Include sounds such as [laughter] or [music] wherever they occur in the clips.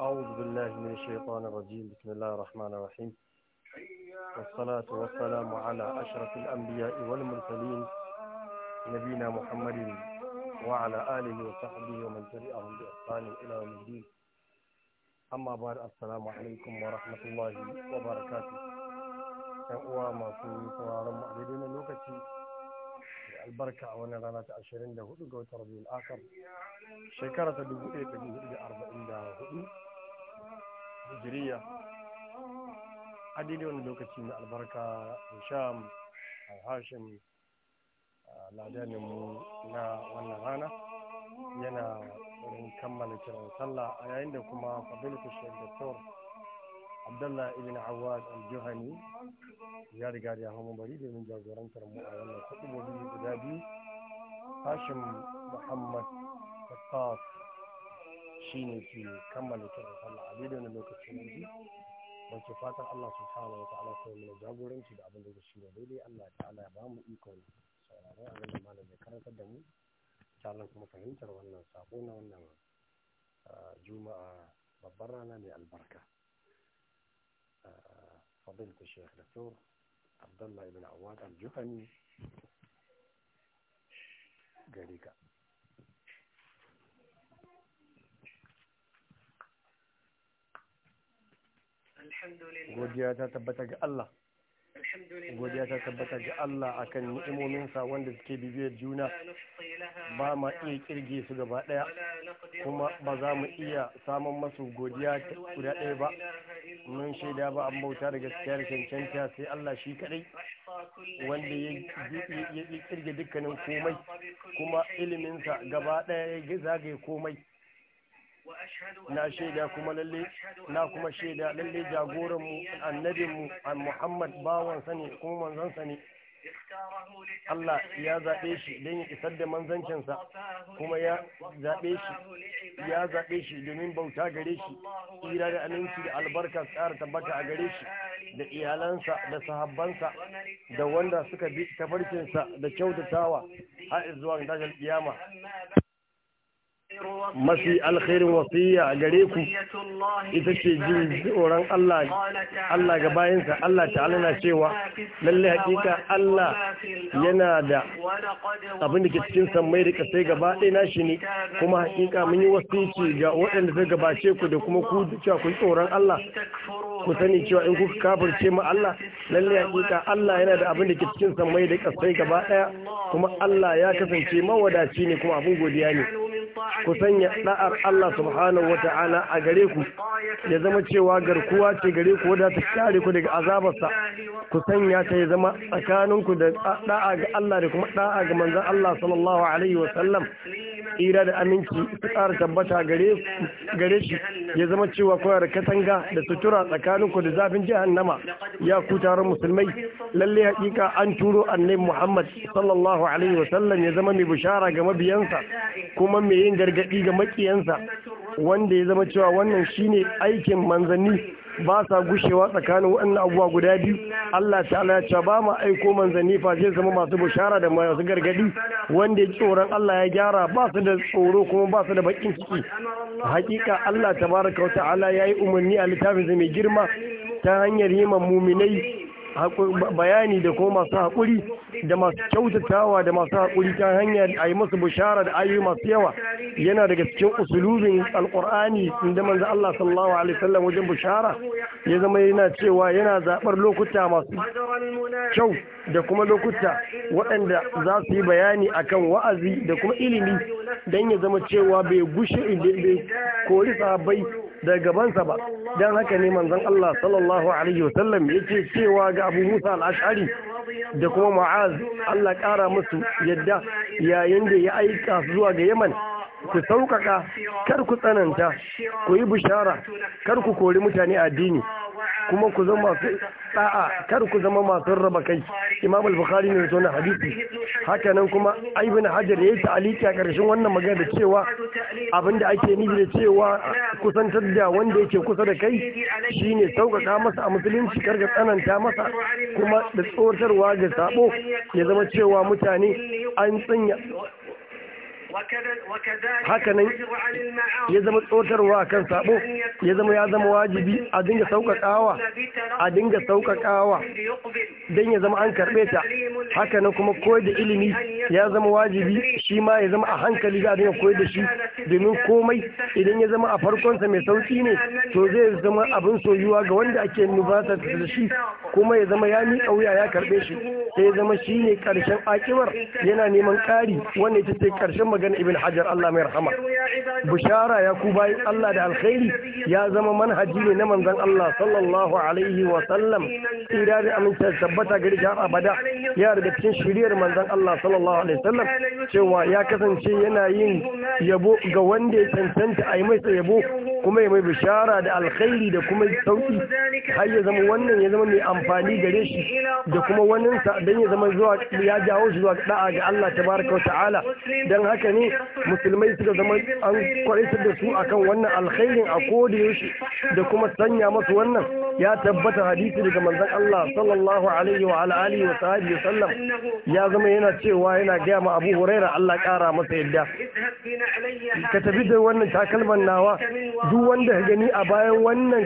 أعوذ بالله من الشيطان الرجيم بسم الله الرحمن الرحيم والصلاة والسلام على أشرف الأنبياء والمرسلين نبينا محمد وعلى آله وصحبه ومن تبعهم بإحسان إلى يوم الدين أما بعد السلام عليكم ورحمة الله وبركاته ‘yan uwa masu sauraron mu a daidai na lokaci da albarka a wannan rana ta 24 ga watan rabiul akar shekara ta 1444 hijiriya a daidai wani lokaci na albarka sham alhashim ladaninmu na wannan rana yana wurin kammala kiran sallah a yayin da kuma fadilatu shek doktor abdullah ibn awad al-juhani ya riga da yawon bari domin jagorantar mu a wannan kuɗi guda biyu hashim muhammad Tattaf shi ne ke kammala kiran sallah a daidai wani lokacin yanzu wace fatan Allah su sa wa ta'ala kuma mana jagoranci da abin da shi shine daidai Allah ta'ala ya ba mu ikon sauraron abin da malam ya karantar da mu sannan kuma fahimtar wannan sako na wannan juma'a babbar rana mai albarka fadil الشيخ دكتور daktor abdullah بن عواد الجهني juhani gari godiya ta tabbata ga Allah godiya ta tabbata ga Allah akan ni'imominsa wanda suke bibiyar juna ba ma iya kirge su gaba daya kuma ba za mu iya samun masu godiya guda ɗaya ba mun shaida ba an bauta da gaskiya cancanta sai Allah shi kadai wanda ya kirge dukkanin komai kuma iliminsa gaba daya ya zagaye komai na shaida kuma lalle na kuma shaida lalle jagoran mu annabin mu Muhammad bawan sani kuma manzon sani Allah ya zaɓe shi don ya isar da sa kuma ya zaɓe shi ya zabe shi domin bauta gare shi ira da aminci da albarka tsara tabbata a gare shi da iyalansa da sahabbansa da wanda suka bi sa da kyautatawa har zuwa tashin kiyama mafi alkhairin wasiya a gare ku ita ce jin tsoron Allah Allah ga bayansa Allah ta'ala na cewa lalle hakika Allah yana da abin da ke cikin sammai da kasai gaba ɗaya nashi ne kuma hakika mun yi wasici ga waɗanda zai gabace ku da kuma ku cewa ku tsoron Allah ku sani cewa in kuka kafirce mu Allah lalle hakika Allah yana da abin da ke cikin sammai da kasai gaba ɗaya kuma Allah ya kasance mawadaci ne kuma abin godiya ne ku sanya da'ar Allah subhanahu wata'ala a gare ku ya zama cewa garkuwa ce gare ku wadda ta kare ku daga azabarsa ku sanya ta ya zama tsakaninku da da'a ga Allah da kuma da'a ga manzon Allah sallallahu alaihi wa sallam tsira da aminci su tabbata gare shi ya zama cewa kuna da katanga da sutura tsakaninku da zafin jahannama ya ku taron musulmai lalle hakika an turo annabi Muhammad sallallahu alaihi wa sallam ya zama mai bishara ga mabiyansa kuma mai yin gargaɗi ga makiyansa wanda ya zama cewa wannan shine aikin manzanni ba sa gushewa tsakanin waɗannan abuwa guda biyu Allah ta'ala ya ce ba ma aiko manzanni fa zai zama masu bushara da masu gargaɗi? wanda ya tsoron Allah ya gyara ba su da tsoro kuma ba su da bakin ciki hakika Allah tabaraka wa ya yi umarni a littafin mai girma ta hanyar yi muminai bayani da kuma masu haƙuri da masu kyautatawa da masu haƙuri ta hanyar a yi masu bishara da ayoyi masu yawa yana daga cikin usulubin alƙur'ani inda manzo Allah sallallahu alaihi wasallam wajen bishara ya zama yana cewa yana zaɓar lokuta masu kyau da kuma lokuta waɗanda za su yi bayani akan wa'azi da kuma ilimi don ya zama cewa bai gushe bai kori sahabbai da gabansa ba dan haka ne manzon Allah sallallahu alaihi wasallam yake cewa ga Abu Musa al-Ash'ari da kuma Mu'az Allah ƙara musu yadda yayin da ya aika zuwa ga Yaman ku sauƙaƙa kar ku tsananta ku yi bishara kar ku kori mutane addini kuma ku zama masu da'a kar ku zama masu raba kai imam al-bukhari ne zo na hadisi haka nan kuma ibn hajar yi ta'aliki a karshen wannan magana da cewa abinda ake nufi da cewa kusantar da wanda yake kusa da kai shine sauƙaƙa masa a musulunci karga tsananta masa kuma da tsoratarwa ga sabo ya zama cewa mutane an tsanya haka nan ya zama tsotarwa kan sabo ya zama ya zama wajibi a dinga saukakawa a dinga saukakawa don ya zama an karɓe ta haka nan kuma koyar da ilimi ya zama wajibi shi ma ya zama a hankali za a dinga koyar da shi domin komai idan ya zama a farkonsa mai sauki ne to zai zama abin soyuwa ga wanda ake nubata da shi kuma ya zama ya miƙa wuya ya karɓe shi sai ya zama shi ne ƙarshen akibar yana neman ƙari wanda ita ce ƙarshen magana ibn hajar allah mai rahama bishara ya ku bayan allah da alkhairi ya zama manhaji ne na manzon allah sallallahu alaihi wa sallam tsira da aminta tabbata gari har abada ya daga cikin shiriyar manzon allah sallallahu alaihi wa sallam cewa ya kasance yana yin yabo ga wanda ya cancanta a yi masa yabo kuma ya mai bishara da alkhairi da kuma sauki har ya zama wannan ya zama mai amfani gare shi da kuma sa dan ya zama zuwa ya jawo shi zuwa da'a ga Allah tabaraka wa ta'ala dan haka ne musulmai suka zama an kwaitar da su akan wannan alkhairin a koda yaushe da kuma sanya masu wannan ya tabbata hadisi daga manzon Allah sallallahu alaihi wa alihi wa sahbihi sallam ya zama yana cewa yana gaya ma Abu Huraira Allah kara masa yadda ka tafi da wannan takalman nawa duk wanda ya gani a bayan wannan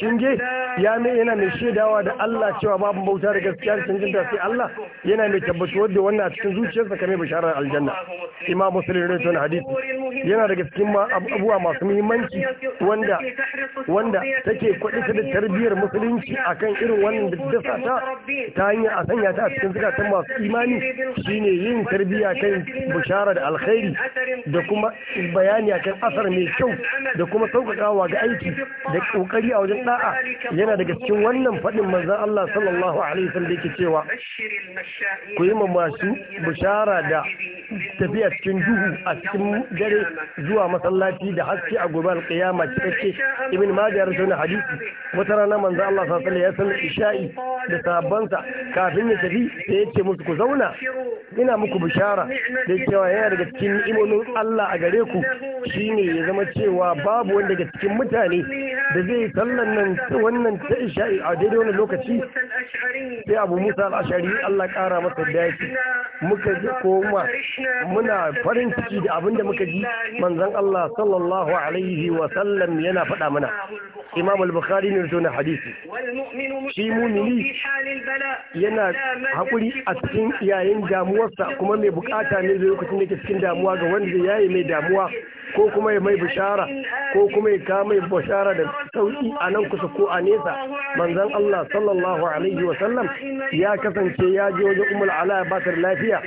shinge ya mai yana mai shaidawa da Allah cewa babu bauta da gaskiya da jinta sai Allah yana mai tabbatuwar da wannan a cikin zuciyarsa kamar bisharar aljanna imam muslim rai tun hadisi yana daga cikin abubuwa masu muhimmanci wanda wanda take kwaɗi da tarbiyyar musulunci akan irin wannan da dasa ta ta hanyar a sanya ta a cikin ta masu imani shine yin tarbiyya kan bishara da alkhairi da kuma bayani akan asar mai kyau da kuma kuma sauƙaƙawa ga aiki da ƙoƙari a wajen ɗa'a yana daga cikin wannan faɗin manzan Allah sallallahu alaihi wasallam da yake cewa ku yi ma masu bishara da tafiya cikin duhu a cikin dare zuwa masallaci da haske a gobe alƙiyama cikakke ibn majah ya na hadisi wata rana manzan Allah sallallahu alaihi wasallam ya san isha'i da sabansa kafin ya tafi sai ya ce musu ku zauna ina muku bishara da cewa yana daga cikin ni'imomin Allah a gare ku shine ya zama cewa babu wanda daga cikin mutane da zai sallan nan ta wannan ta isha'i a daidai wani lokaci sai abu musa al'ashari allah kara masa dace muka ji koma muna farin ciki da abin da muka ji manzon allah sallallahu alaihi wa sallam yana faɗa mana imam al-bukhari ne rawaito na hadisi shi mumini yana haƙuri a cikin yayin damuwarsa kuma mai bukata ne zai lokacin da cikin damuwa ga wanda zai yaye mai damuwa ko kuma ya mai bishara ko kuma ya ka mai bishara da sauki a nan kusa ko a nesa manzon Allah sallallahu alaihi wa sallam ya kasance ya je wajen ummul ala ba ta lafiya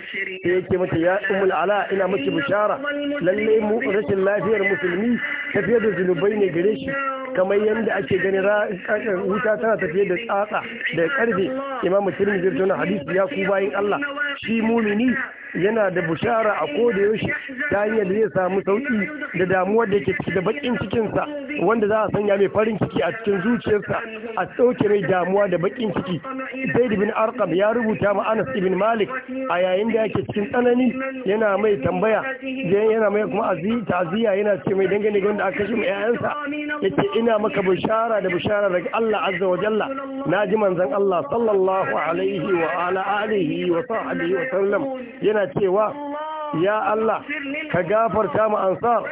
sai yake mata ya ummul ala ina miki bishara lalle mu rashin lafiyar musulmi tafiya da zunubai ne gare shi kamar yadda ake gani wuta tana tafiye da tsatsa da karfe imamu tirmidhi tuna hadisi ya ku bayin Allah shi mumini yana da bushara a koda yaushe ta hanyar da zai samu sauki da damuwar da ke ciki da bakin cikinsa wanda za a sanya mai farin ciki a cikin zuciyarsa a sauke rai damuwa da bakin ciki zaid bin arqam ya rubuta ma anas ibn malik a yayin da yake cikin tsanani yana mai tambaya yana mai kuma ta'aziyya yana ce mai dangane ga wanda aka kashe mai yayansa Yake ina maka bushara da bushara daga Allah azza wa jalla naji manzon Allah sallallahu alaihi wa ala alihi wa sahbihi wa sallam yana yana cewa ya Allah ka gafarta mu ansar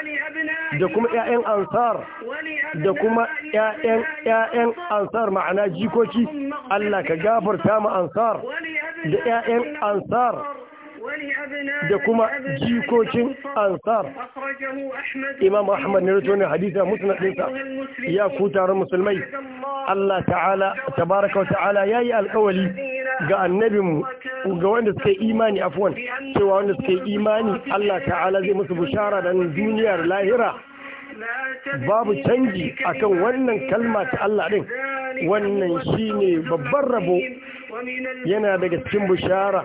da kuma ƴaƴan ansar da kuma ƴaƴan ƴaƴan ansar ma'ana jikoki Allah ka gafarta mu ansar da ƴaƴan ansar da kuma jikokin ansar imam ahmad ne rito ne hadisa musnadinsa ya ku taron musulmai Allah ta'ala tabaraka wa ta'ala yayi alƙawali ga annabinmu ga wanda suka yi imani afwan cewa wanda suka yi imani Allah ta'ala zai musu bishara dan duniyar lahira babu canji akan wannan kalma ta Allah din wannan shine babban rabo yana daga cikin bishara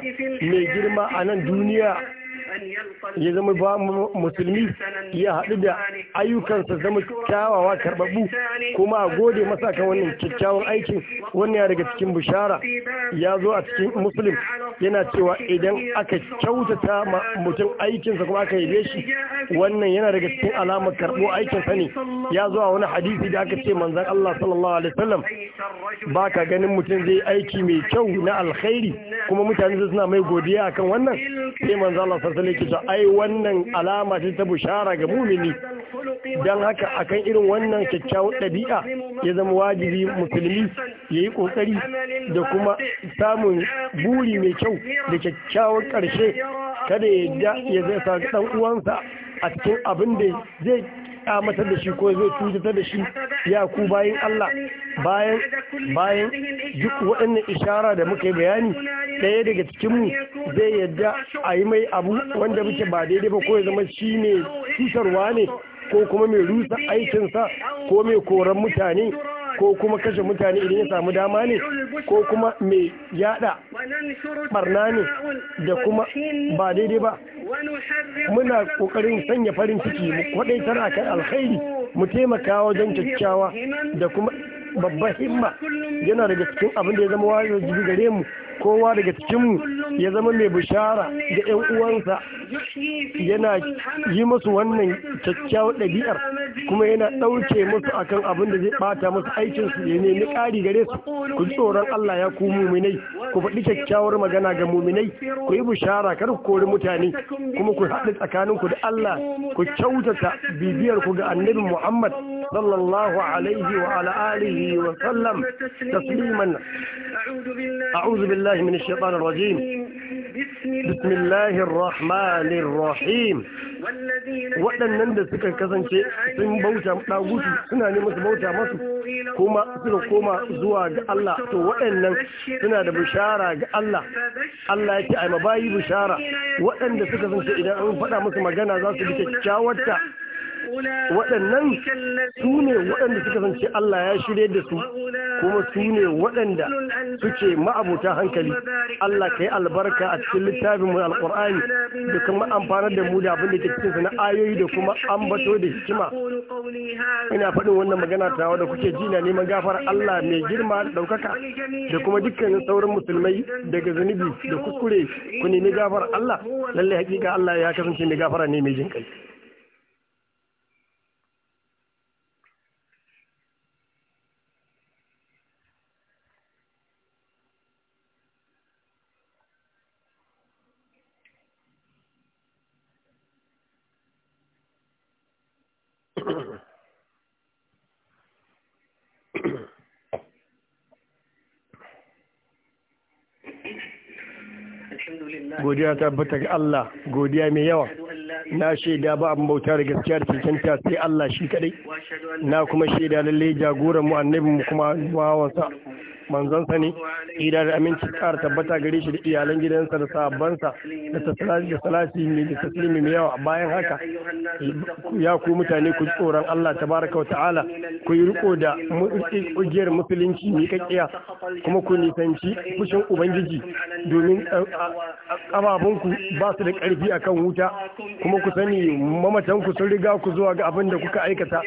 mai girma a nan duniya ya zama ba musulmi ya haɗu da ayyukansa zama kyawawa karɓaɓɓu kuma a gode masa kan wannan kyakkyawan aikin wannan ya daga cikin bishara ya zo a cikin musulun yana cewa idan aka kyautata mutum aikinsa kuma aka yi shi wannan yana daga cikin alamar karɓo aikinsa ne ya zuwa wani hadisi da aka ce manzan Allah sallallahu alaihi wasallam ba ka ganin mutum zai aiki mai kyau na alkhairi kuma mutane su suna mai godiya kan wannan sai manzan Allah sallallahu alaihi wasallam ai wannan alama ce ta bushara ga mumini dan haka akan irin wannan kyakkyawan ɗabi'a ya zama wajibi musulmi ya yi ƙoƙari da kuma samun buri mai kyau da kyakkyawar ƙarshe kada ya ya zai sa ɗan uwansa a cikin abin da zai kamatar da shi ko zai cutar da shi ya ku bayan Allah bayan bayan duk waɗannan ishara da muka yi bayani ɗaya daga cikinmu zai yadda a yi mai abu wanda muke ba daidai ba ko ya zama shi ne cutarwa ne ko kuma mai rusa aikinsa ko mai koran mutane ko kuma kashe mutane idan ya samu dama ne ko kuma mai yada barna ne da kuma ba daidai ba muna kokarin sanya farin ciki mu a kan alkhairi mu taimaka wajen kyakkyawa da kuma babban himma yana daga cikin abin da ya zama wajibi gare mu kowa daga cikinmu ya zama mai bishara da 'yan uwansa yana yi masu wannan kyakkyawar ɗabi'ar kuma yana ɗauke musu akan abin da zai ɓata musu aikin su ya nemi ƙari gare su ku ji tsoron Allah ya ku muminai ku faɗi kyakkyawar magana ga muminai ku yi bishara kar ku kori mutane kuma ku haɗu tsakanin ku da Allah ku kyautata bibiyar ku ga annabi Muhammad sallallahu alaihi wa ala alihi wa sallam tasliman بسم الله الرحمن الرحيم waɗannan da suka kasance sun bauta ɗagutu suna neman su bauta masu kuma suka koma zuwa ga Allah to waɗannan suna da bishara ga Allah Allah ya ce ai mabayi bishara waɗanda suka kasance idan an faɗa masu magana za su bi kyakkyawarta waɗannan su ne waɗanda suka zance Allah ya shirye da su kuma su ne waɗanda suke ma'abuta hankali Allah ka yi albarka a cikin littafin mu alƙur'ani da kuma amfanar da mu da abin da ke cikin na ayoyi da kuma ambato da hikima ina faɗin wannan magana tawa da kuke ji na neman gafar Allah mai girma da ɗaukaka da kuma dukkanin sauran musulmai daga zunubi da kuskure ku nemi gafar Allah lallai hakika Allah ya kasance mai gafara ne mai jin kai godiya ta bata ga Allah godiya mai yawa na shaida ba abin bauta da gaskiya da cancanta sai Allah shi kadai na kuma shaida lalle jagoran mu annabin mu kuma bawansa manzonsa ne ida da aminci kar tabbata gare shi da iyalan gidansa da sa da tasalati da salati mai da taslimi mai yawa bayan haka ya ku mutane ku tsoron Allah tabaraka wa ta'ala ku yi riko da ƙungiyar musulunci mai kakkiya kuma ku nisanci fushin ubangiji domin ƙafafunku ba su da ƙarfi akan wuta kuma ku sani mamatanku sun riga ku zuwa ga abin da kuka aikata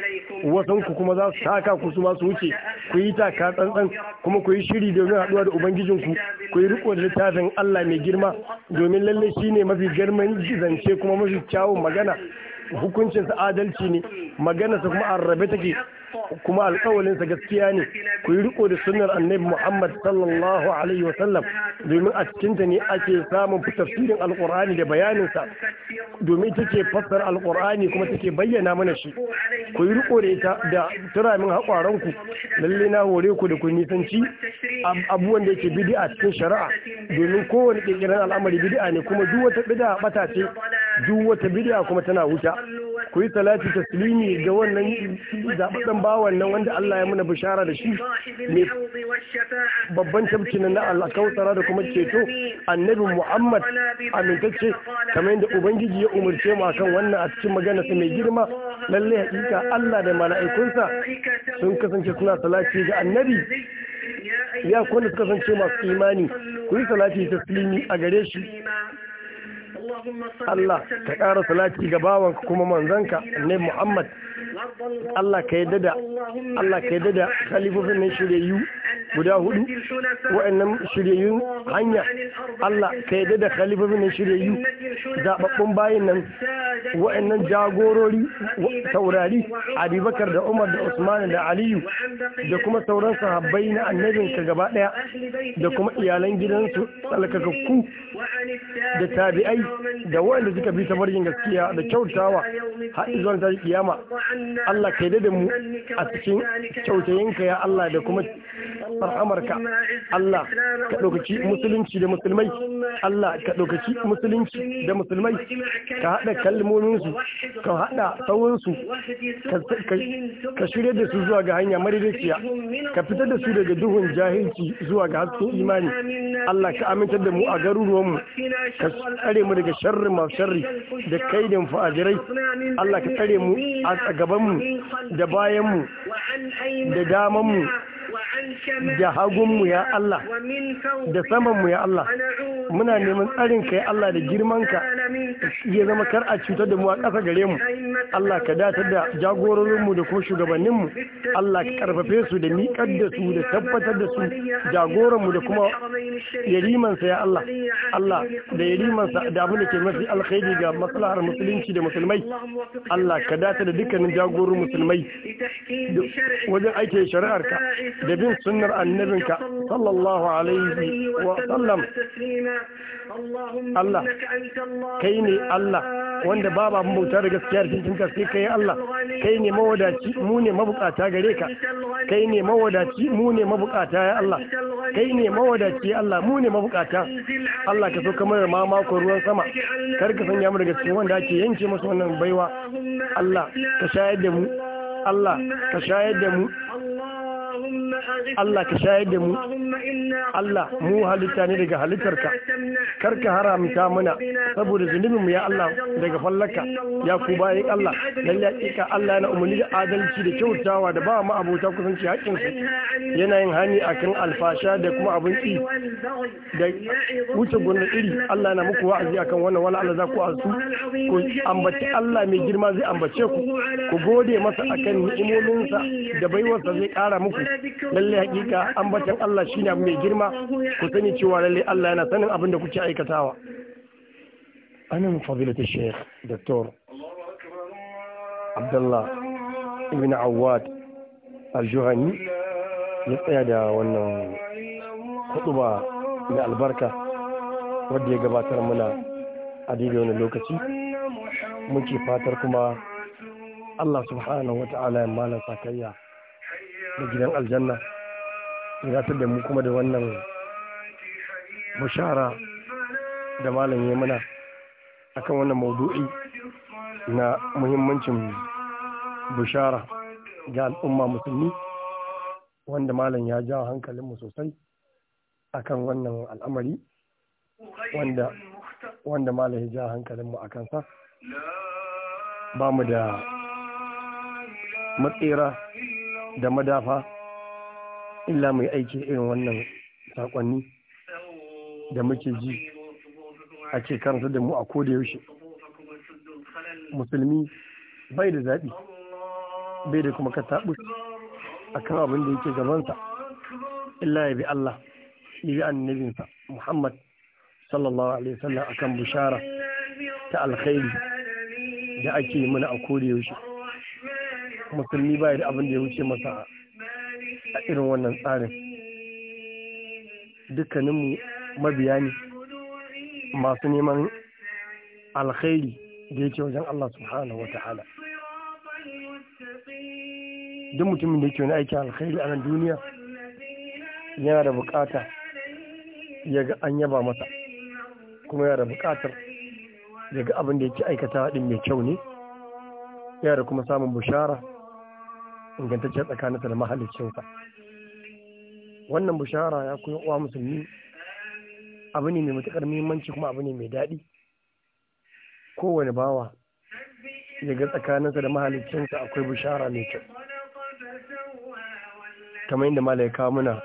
wasanku kuma za su taka ku su masu wuce ku yi taka tsantsan kuma ku yi shiri domin haɗuwa da ubangijinku ku yi riko da littafin Allah mai girma domin lalle shi ne mafi girman zance kuma mafi kyawun magana hukuncinsa adalci ne maganarsa kuma arabe take kuma alƙawalinsa gaskiya ne ku yi riko da sunnar annabi Muhammad sallallahu alaihi wasallam domin a cikinta ne ake samun tafsirin alƙur'ani da bayaninsa domin ita ce fassar alƙur'ani kuma take bayyana mana shi ku yi riko da ita da turamin haƙwaranku lalle na hore ku da ku nisanci abubuwan da yake bid'a cikin shari'a domin kowane ƙirƙirar al'amari bid'a ne kuma duk wata bid'a bata ce duk wata bid'a kuma tana wuta ku yi salati taslimi ga wannan zaɓaɓɓen bawan nan wanda Allah ya muna bishara da shi ne babban tabcinin na alkautara da kuma ceto annabi Muhammad amintacce kamar yadda Ubangiji ya umarce mu akan wannan a cikin maganarsa mai girma lalle hakika Allah da mala'ikunsa sun kasance suna salati ga annabi ya kwanda su kasance masu imani ku yi salati taslimi a gare shi Allah ka ƙara salati ga bawanka kuma manzanka ne Muhammad Allah ka yadda da Allah ka yadda da khalifofin nan shiryayyu guda hudu wa'annan shiryayyun hanya Allah ka yadda da khalifofin nan shiryayyu zababbun bayin nan wa'annan jagorori taurari Abubakar da Umar da Usman da Aliyu da kuma sauran sahabbai na ka gaba daya da kuma iyalan gidansu tsalkakakku da tabi'ai da wa'anda suka bi tabarjin gaskiya da kyautawa har zuwa ta kiyama Allah ka da mu a cikin kyautayinka ya Allah da kuma rahamarka Allah ka ɗaukaci musulunci da musulmai Allah ka ɗaukaci musulunci da musulmai ka haɗa kalmominsu ka haɗa tsawonsu ka shirya da su zuwa ga hanya maridaciya, ka fitar da su daga duhun jahilci zuwa ga hasken imani Allah ka amintar da mu a garuruwanmu ka tsare mu daga sharri ma sharri da kaidin fajirai Allah ka tsare mu a gabanmu da bayanmu da damanmu da hagunmu ya Allah da samanmu ya Allah muna neman tsarin ka ya Allah da girmanka ya zama kar a cutar da mu a ƙasa gare mu Allah ka datar da jagororinmu da kuma shugabanninmu Allah ka karfafe su da miƙar da su da tabbatar da su jagoranmu da kuma yarimansa ya Allah Allah da yarimansa da abin da ke mafi alkhairi ga maslahar musulunci da musulmai Allah ka datar da dukkanin jagorin musulmai wajen da shari'arka da bin sunnar annabinka sallallahu alaihi wa sallam Allah kai ne Allah wanda babu abin bauta da gaskiya da cikin ka sai kai Allah kai ne mawadaci mu ne mabukata gare ka kai ne mawadaci mu ne mabukata ya Allah kai ne mawadaci Allah mu ne mabukata Allah ka so kamar ma mako ruwan sama kar ka sanya mu daga cikin wanda ake yanke musu wannan baiwa Allah ka shayar da mu Allah ka shayar da mu Allah ka shayar da mu Allah mu halitta ne daga halittarka karka haramta mana saboda zunubinmu ya Allah daga fallaka ya ku bayan Allah lalle hakika Allah yana umarni da adalci da kyautawa da ba mu abota kusanci hakkin su yana yin hani kan alfasha da kuma abin ƙi da wuce gona iri Allah yana muku wa'azi a kan wannan wala Allah za ku asu ku ambaci Allah mai girma zai ambace ku ku gode masa a kan ni'imominsa da baiwarsa zai ƙara muku lalle hakika ambatan Allah shine abu mai girma ku sani cewa lallai Allah yana sanin abin da kuke aikatawa anan fadilatu sheikh dr abdullah ibn awad al-juhani ya tsaya da wannan hutuba mai albarka wadda ya gabatar mana a daidai wani lokaci muke fatar kuma Allah subhanahu wa ta'ala ya malar sakayya da gidan aljanna ya da mu kuma da wannan bushara da malam ya mana akan wannan maudu'i na muhimmancin bushara ga al'umma musulmi wanda malam ya ja hankalinmu sosai akan wannan al'amari wanda wanda malam ya ja hankalinmu a kansa ba mu da matsira da madafa illa mai aiki irin wannan sakonni da muke ji ake karanta da mu a koda yaushe musulmi bai da zaɓi bai da kuma kataɓus a kan abin da yake gabansa illa ya bi Allah ya bi annabinsa Muhammad sallallahu alaihi wasallam akan bushara ta alkhairi da ake mana a yaushe musulmi ba da abin da ya wuce masa a irin wannan tsarin dukkaninmu mabiya ne masu neman alkhairi da yake wajen Allah subhanahu wa ta'ala duk mutumin da yake wani aikin alkhairi a nan duniya yana da bukata ya ga an yaba masa kuma yana da bukatar ya ga abin da yake aikata din mai kyau ne yana da kuma samun bushara ingantacce tsakaninta da mahaliccinsa wannan bushara ya koyi uwa musulmi abu ne mai matuƙar muhimmanci kuma abu ne mai daɗi kowane bawa ya ga tsakaninsa da mahaliccinsa akwai bushara mai kyau kamar yadda malaika muna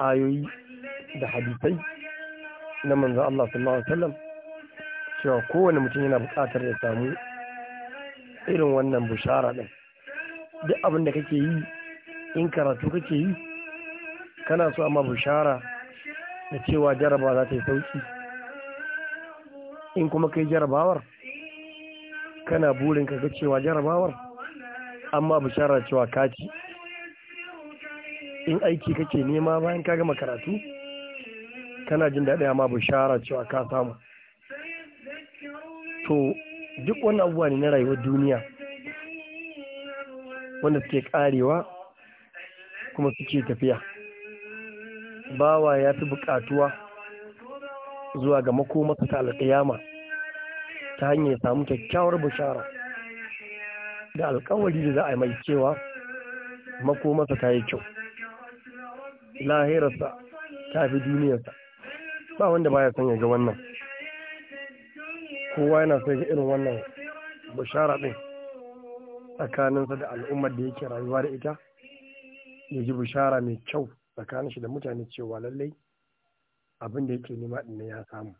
ayoyi da hadisai na manzan Allah sallallahu Alaihi wasallam cewa kowane mutum yana buƙatar ya samu irin wannan bushara ɗin duk abin da kake yi in karatu kake yi kana so amma bishara da cewa jaraba za ta yi sauki in kuma kai jarabawar kana burin ka ga cewa jarabawar amma bishara cewa kaci in aiki kake nema bayan ka gama karatu kana jin daɗi amma bishara cewa ka samu to duk wani abubuwa ne na rayuwar duniya wanda suke karewa kuma suke tafiya bawa ya fi bukatuwa zuwa ga makomarsa ta alƙiyama ta hanyar samu kyakkyawar bishara da alƙawari da za a mai cewa makomarsa ta yi kyau lahirarsa ta fi duniyarsa ba wanda baya son ga wannan kowa yana sai ga irin wannan bishara ɗin tsakaninsa da al'ummar da yake rayuwa da ita ya ji bishara mai kyau tsakanin shi da mutane cewa lallai abin da yake nema ɗin ya samu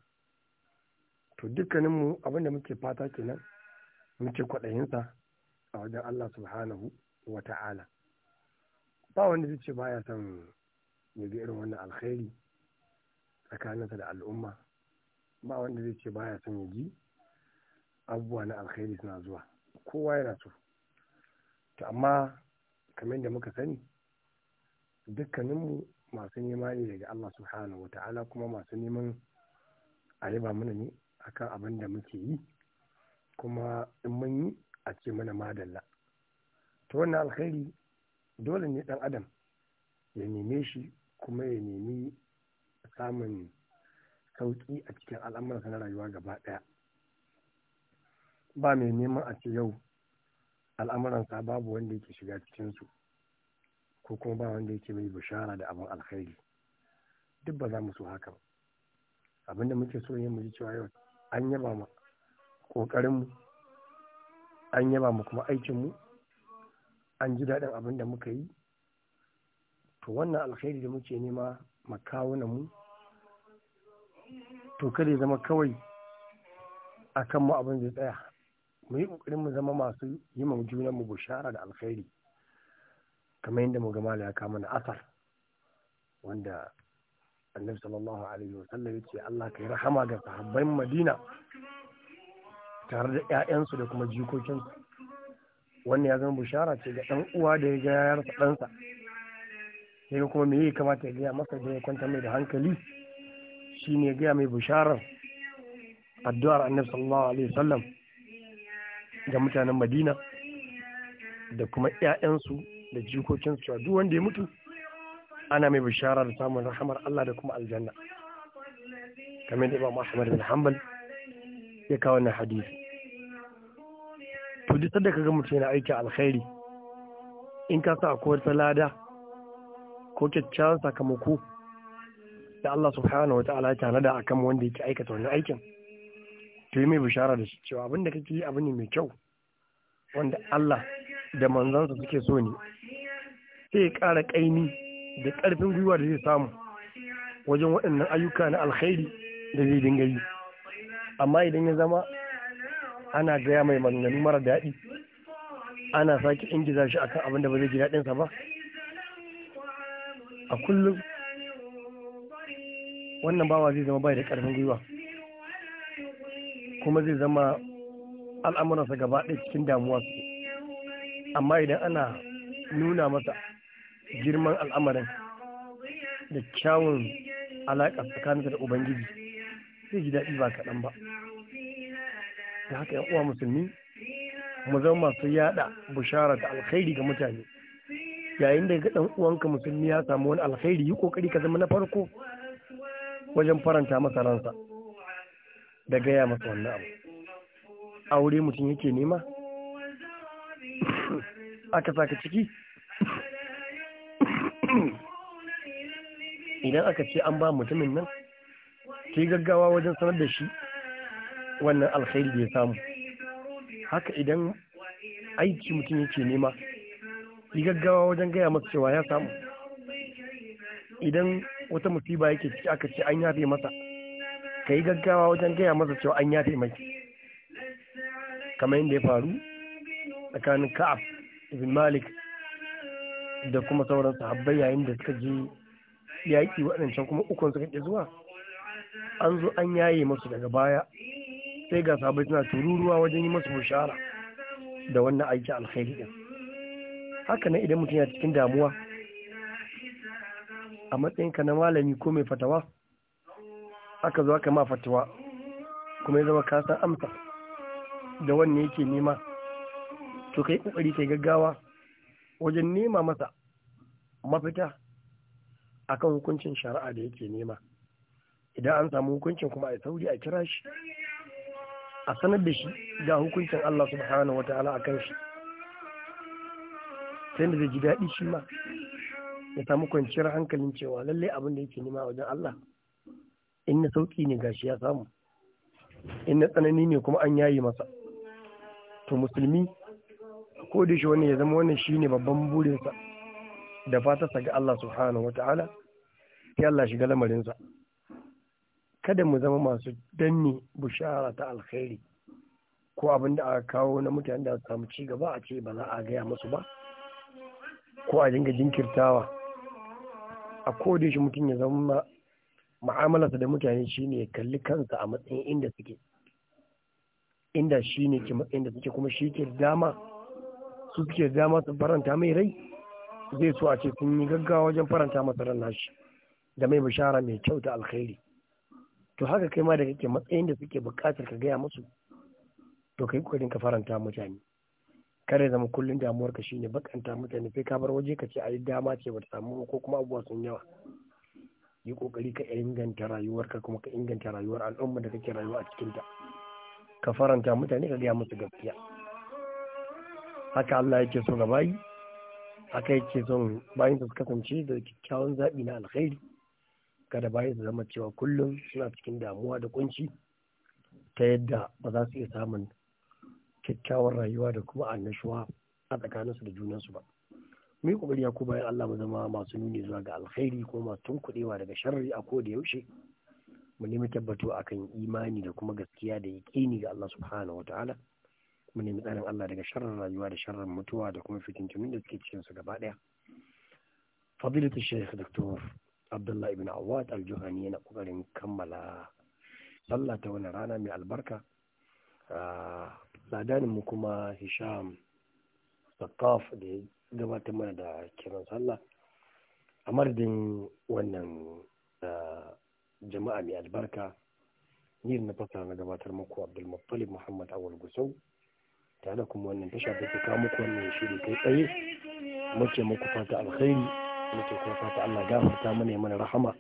to dukkaninmu abin da muke fata kenan muke kwaɗayinsa a wajen Allah subhanahu wa ta'ala ba wanda zai ce baya son ya ga irin wannan alkhairi tsakaninsa da al'umma ba wanda zai ce baya son ya ji abubuwa na alkhairi suna zuwa kowa yana so to amma kamar da muka sani dukkaninmu masu nema ne daga Allah subhanahu wata'ala kuma masu neman a mana ne akan abin da muke yi kuma in mun yi a ce mana madalla to wannan alkhairi dole ne dan adam ya neme shi kuma ya nemi samun sauƙi a cikin al'amuransa na rayuwa gaba ɗaya ba mai neman a ce yau al'amuransa babu wanda yake shiga cikinsu ko kuma ba wanda yake mai bishara da abin alkhairi duk ba za mu so haka ba abinda muke so yin mu ji cewa yau an yaba mu an yaba mu kuma aikinmu an ji daɗin abin da muka yi to wannan alkhairi da muke nema makawunan mu to kada ya zama kawai akan mu abin zai tsaya mu yi ƙoƙarin mu zama masu yi ma juna mu bushara da alkhairi kamar yadda mu gama ya kama na asar wanda annabi sallallahu alaihi wa sallam ya ce Allah kai rahama ga sahabban Madina tare da ƴaƴansu da kuma jikokinsu wannan ya zama bushara ce ga ɗan uwa da ya ga ya ɗansa sai kuma me ya kamata ya gaya masa da ya kwanta mai da hankali shine ya gaya mai bisharar addu'ar annabi sallallahu alaihi ga mutanen madina da kuma 'ya'yansu da jikokinsu a duk wanda ya mutu ana mai bishara da samun rahamar Allah da kuma aljanna kamar da ba Ahmad bin Hanbal ya kawo wannan hadisi to duk ka kaga mutum yana aiki alkhairi in ka sa akwai wata lada ko kyakkyawan sakamako da Allah subhanahu wa ta'ala ya tanada akan wanda yake aikata wannan aikin ta mai bishara da shi cewa abin kake yi abu ne mai kyau wanda Allah da manzansa suke so ne sai ya ƙara ƙaimi da ƙarfin gwiwa da zai samu wajen waɗannan ayyuka na alkhairi da zai dinga yi amma idan ya zama ana gaya mai maganganu mara daɗi ana sake ingiza shi akan abin da ba zai ji daɗinsa ba a kullum wannan bawa zai zama bai da ƙarfin gwiwa kuma zai zama al'amuransa gaba ɗaya cikin damuwa su amma idan ana nuna masa girman al'amarin da kyawun alaƙa tsakaninsa da ubangiji zai ji daɗi ba kaɗan ba da haka yan uwa musulmi mu zama masu yaɗa bushara da alkhairi ga mutane yayin da ga ɗan uwanka musulmi ya samu wani alkhairi yi ƙoƙari ka zama na farko wajen faranta masa ransa da gaya masa wannan abu aure mutum yake nema [coughs] aka saka ciki [coughs] idan aka ce an ba mutumin nan ke gaggawa wajen sanar da shi wannan alkhairi da ya samu haka idan aiki mutum yake nema Ki gaggawa wajen gaya masa cewa ya samu idan wata musiba yake ciki aka ce an yafe masa ka yi gaggawa wajen gaya masa cewa an yafe mai kamar yadda ya faru tsakanin ka'ab ibn malik da kuma sauran sahabbai yayin da suka je yaƙi waɗancan kuma ukun suka ke zuwa an zo an yaye masu daga baya sai ga sahabbai suna tururuwa wajen yi masu bushara da wannan aiki alkhairi din haka nan idan mutum ya cikin damuwa a matsayinka na malami ko mai fatawa aka zo aka ma fatuwa kuma ya zama ka amsa da wanne yake nema to kai kokari kai gaggawa wajen nema masa mafita akan hukuncin shari'a da yake nema idan an samu hukuncin kuma a sauri a kira shi a sanar da shi ga hukuncin Allah subhanahu wa ta'ala a kan shi sai da zai ji daɗi shi ma ya samu kwanciyar hankalin cewa lallai abin da yake nema wajen Allah in na sauki ne gashi ya samu in na tsanani ne kuma an yayi masa to musulmi ko da shi wannan ya zama wannan shi ne babban burinsa da fatarsa ga Allah subhanahu ta'ala sai Allah shiga lamarinsa kada mu zama masu danni bushara ta alkhairi ko abin da aka kawo na mutane da samu ci gaba a ce ba za a gaya musu ba ko a dinga jinkirtawa a shi mutum ya zama mu'amalarsa da mutane shine ya kalli kansa a matsayin inda suke inda shine ke matsayin da suke kuma shi ke dama su suke dama su faranta mai rai zai so a ce sun yi gaggawa wajen faranta masa ran nashi da mai bishara mai kyau ta alkhairi to haka kai ma da kake matsayin da suke bukatar ka gaya musu to kai kokarin ka faranta mutane kare zama kullum damuwarka shine bakanta mutane sai ka bar waje ka ce a yi dama ce ba ta samu ko kuma abubuwa sun yawa yi kokari ka inganta rayuwarka kuma ka inganta rayuwar al'umma da kake rayuwa a cikinta ka faranta mutane ka gaya musu gaskiya haka Allah yake so ga bayi haka yake son bayin su kasance da kyakkyawan zaɓi na alkhairi kada bayin su zama cewa kullum suna cikin damuwa da kunci ta yadda ba za su iya samun kyakkyawar rayuwa da kuma annashuwa a tsakaninsu da junansu ba. Mai kokari ya ku bayan Allah mu zama masu nuni zuwa ga alkhairi ko masu tunkuɗewa daga sharri a koda yaushe mu nemi tabbato akan imani da kuma gaskiya da yaƙini ga Allah subhanahu ta'ala. mu nemi tsarin Allah daga sharrin rayuwa da sharrin mutuwa da kuma fitintumin da suke cikin su gaba ɗaya fadilatu shaykh dr abdullahi ibn awad al-juhani yana kokarin kammala sallah ta wani rana mai albarka ah, ladanin mu kuma hisham sakaf da gabatar mana da kiran sallah a madadin wannan ah, jama'a mai albarka ni na fasa na gabatar muku abdulmuttalib muhammad awal gusau tare da kuma wannan tasha da ke kawo muku wannan shiri kai tsaye muke muku fata alkhairi muke kuma fata allah gafarta mana mana rahama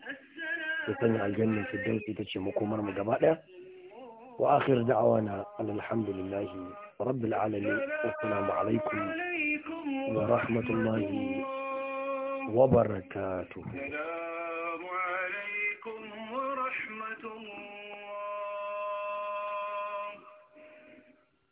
ya sanya aljanna su ta ce makomar mu gaba daya wa akhir da'awana alhamdulillahi rabbil alamin assalamu alaikum ورحمة الله وبركاته